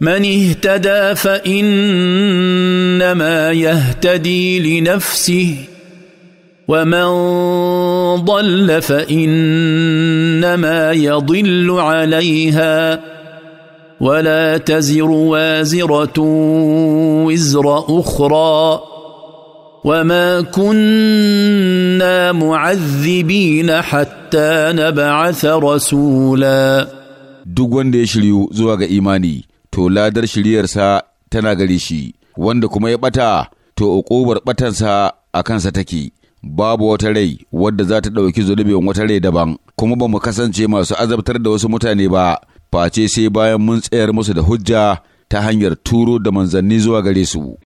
من اهتدى فانما يهتدي لنفسه ومن ضل فانما يضل عليها ولا تزر وازره وزر اخرى وما كنا معذبين حتى نبعث رسولا duk wanda زواغ ايماني to ladar shiryarsa tana gare shi, wanda kuma ya bata to uƙubar batansa a kansa take. Babu wata rai wadda za ta ɗauki zunubin wata rai daban, kuma ba mu kasance masu azabtar da wasu mutane ba, face sai bayan mun tsayar musu da hujja ta hanyar turo da manzanni zuwa gare su.